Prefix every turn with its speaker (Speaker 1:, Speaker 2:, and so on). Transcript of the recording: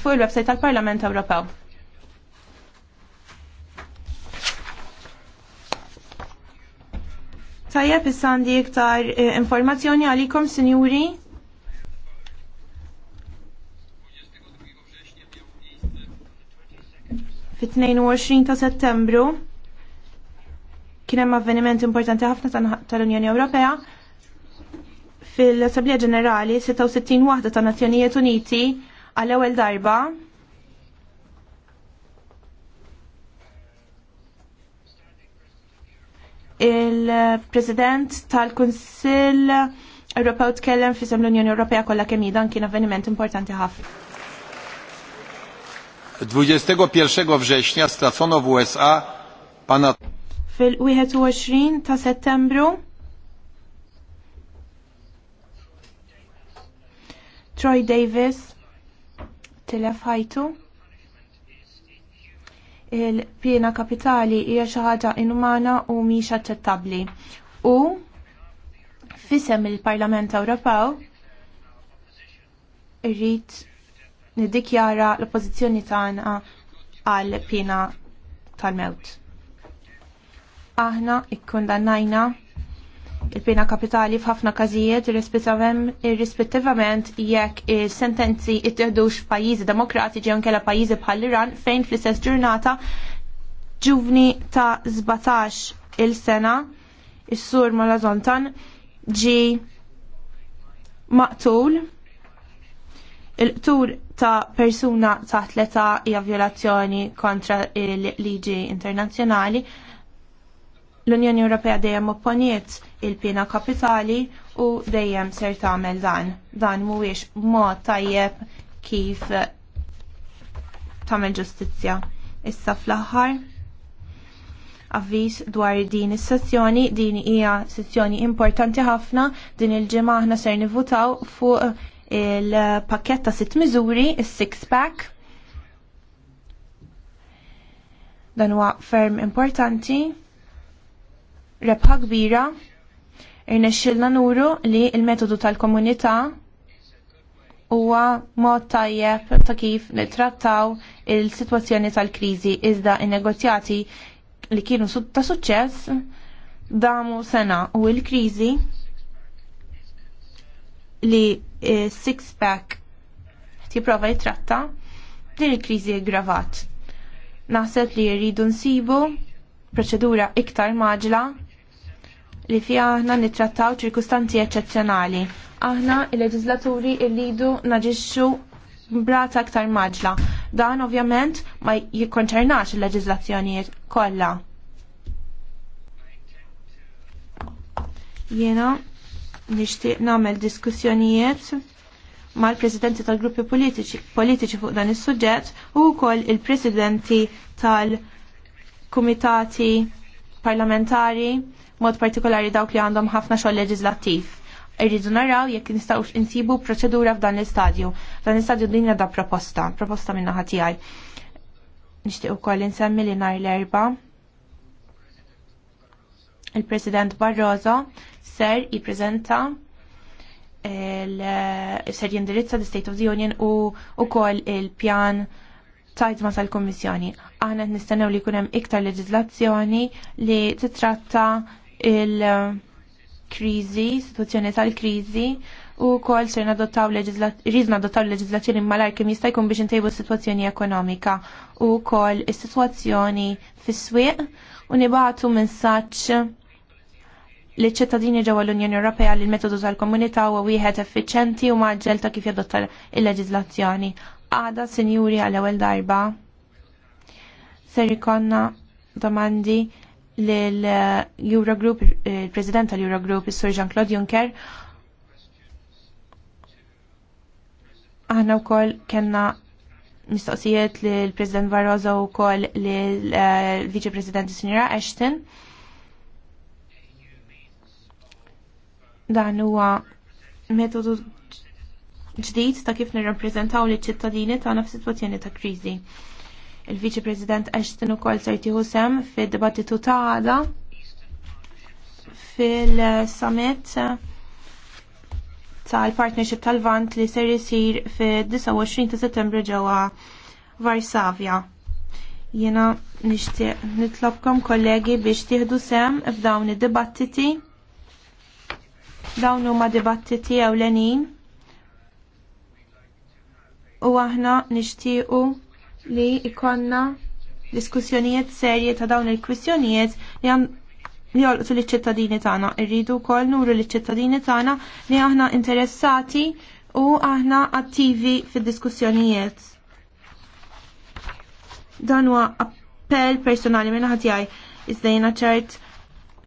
Speaker 1: fuq il-website tal-Parlament Ewropew. Tajjeb issa għandi iktar eh, informazzjoni għalikom, sinjuri. Fit-22 ta' settembru kien hemm avveniment importanti ħafna tal-Unjoni Ewropea fil-Assemblea Ġenerali 66 waħda ta' Nazzjonijiet Uniti għal-ewwel darba il-President tal-Kunsill Ewropew tkellem fi sem l-Unjoni Ewropea kollha kemm dan kien avveniment importanti ħafna. 21 września stracono w USA pana fil-21 ta' settembru Troy Davis tilef ħajtu. Il-pjena kapitali hija xi ħaġa inumana u mhix aċċettabbli. U fisem il-Parlament Ewropew irrid niddikjara l-oppożizzjoni tagħna għal pjena tal-mewt. Aħna ikkundannajna il-pena kapitali f'ħafna każijiet irrispettivament jekk is-sentenzi ittieħdux f'pajjiżi demokratiċi inkella pajjiżi bħal Iran fejn fl-istess ġurnata ġuvni ta' 17 il-sena is-sur Malazontan Zontan ġi maqtul il-qtur ta' persuna taħt l-età hija vjolazzjoni kontra l-liġi internazzjonali L-Unjoni Ewropea dejjem opponiet il-pina kapitali u dejjem ser tagħmel dan. Dan mhuwiex mod tajjeb kif tagħmel ġustizzja. Issa fl-aħħar avviż dwar din is-sessjoni, din hija sessjoni importanti ħafna, din il-ġimgħa aħna ser nivutaw fuq il-pakket ta' sitt miżuri, is-six pack. Dan huwa ferm importanti rebħa kbira irnexxilna nuru li l metodu tal-komunità huwa mod tajjeb ta' kif nittrattaw il-sitwazzjoni tal-kriżi iżda in-negozjati li kienu ta' suċċess damu sena u l-kriżi li eh, six pack tipprova jitratta din il-kriżi aggravat. Naħseb li jridu nsibu proċedura iktar maġla li fija aħna nitrattaw ċirkustanzi eccezzjonali. Aħna il-leġislaturi lidu naġixxu brata aktar maġla. Dan ovvjament ma jikkonċernax il-leġislazzjonijiet kollha. Jena nixtieq nagħmel diskussjonijiet mal-presidenti tal-gruppi politiċi fuq dan is-suġġett u wkoll il-presidenti tal-kumitati parlamentari, mod partikolari dawk li għandhom ħafna xogħol leġislattiv. Irridu naraw jekk nistgħu insibu proċedura f'dan l-istadju. Dan l-istadju din da proposta, proposta minna tiegħi. Nixtieq ukoll insemmi li nhar l-erba' il-President Barroso ser jippreżenta ser jindirizza the State of the Union u ukoll il-pjan tajt ma tal-Kommissjoni. Aħna qed nistennew li jkun hemm iktar leġislazzjoni li titratta il-kriżi, situazzjoni tal-kriżi u kol ser nadottaw rizna adottaw leġizlazzjoni malar kim jista' jkun biex intejbu s-sitwazzjoni ekonomika u kol is-sitwazzjoni fis-swieq u nibatu messaġġ li ċittadini ġewwa l-Unjoni Ewropea li l-metodu tal-komunità huwa wieħed effiċjenti u maġġel ta' kif jadotta l-leġislazzjoni għada sinjuri għal ewwel darba ser ikonna domandi l-Eurogroup, il-President tal-Eurogroup, il-Sur Jean-Claude Juncker. Aħna u kellna kena mistoqsijiet l-President Barroso u koll l-Vice President Sinjora Ashton. Dan huwa metodu ġdid ta' kif nirrappreżentaw li ċittadini tagħna f'sitwazzjoni ta' kriżi. Il-Viċi President Ashton ukoll ser tieħu sem fid-dibattitu ta' għada fil-summit tal-partnership tal-Vant li ser isir fid-29 ta' Settembru ġewwa Varsavja. Jiena nixtieq nitlobkom kollegi biex tieħdu sem f'dawn id-dibattiti dawn huma dibattiti ewlenin u aħna nixtiequ li ikonna diskussjonijiet serji ta' dawn il-kwistjonijiet li għan li jolqtu li ċittadini tagħna. Irridu wkoll nuru li ċittadini tagħna li aħna interessati u aħna attivi fid-diskussjonijiet. Dan huwa appell personali minna ħadd jgħid iżdejna ċert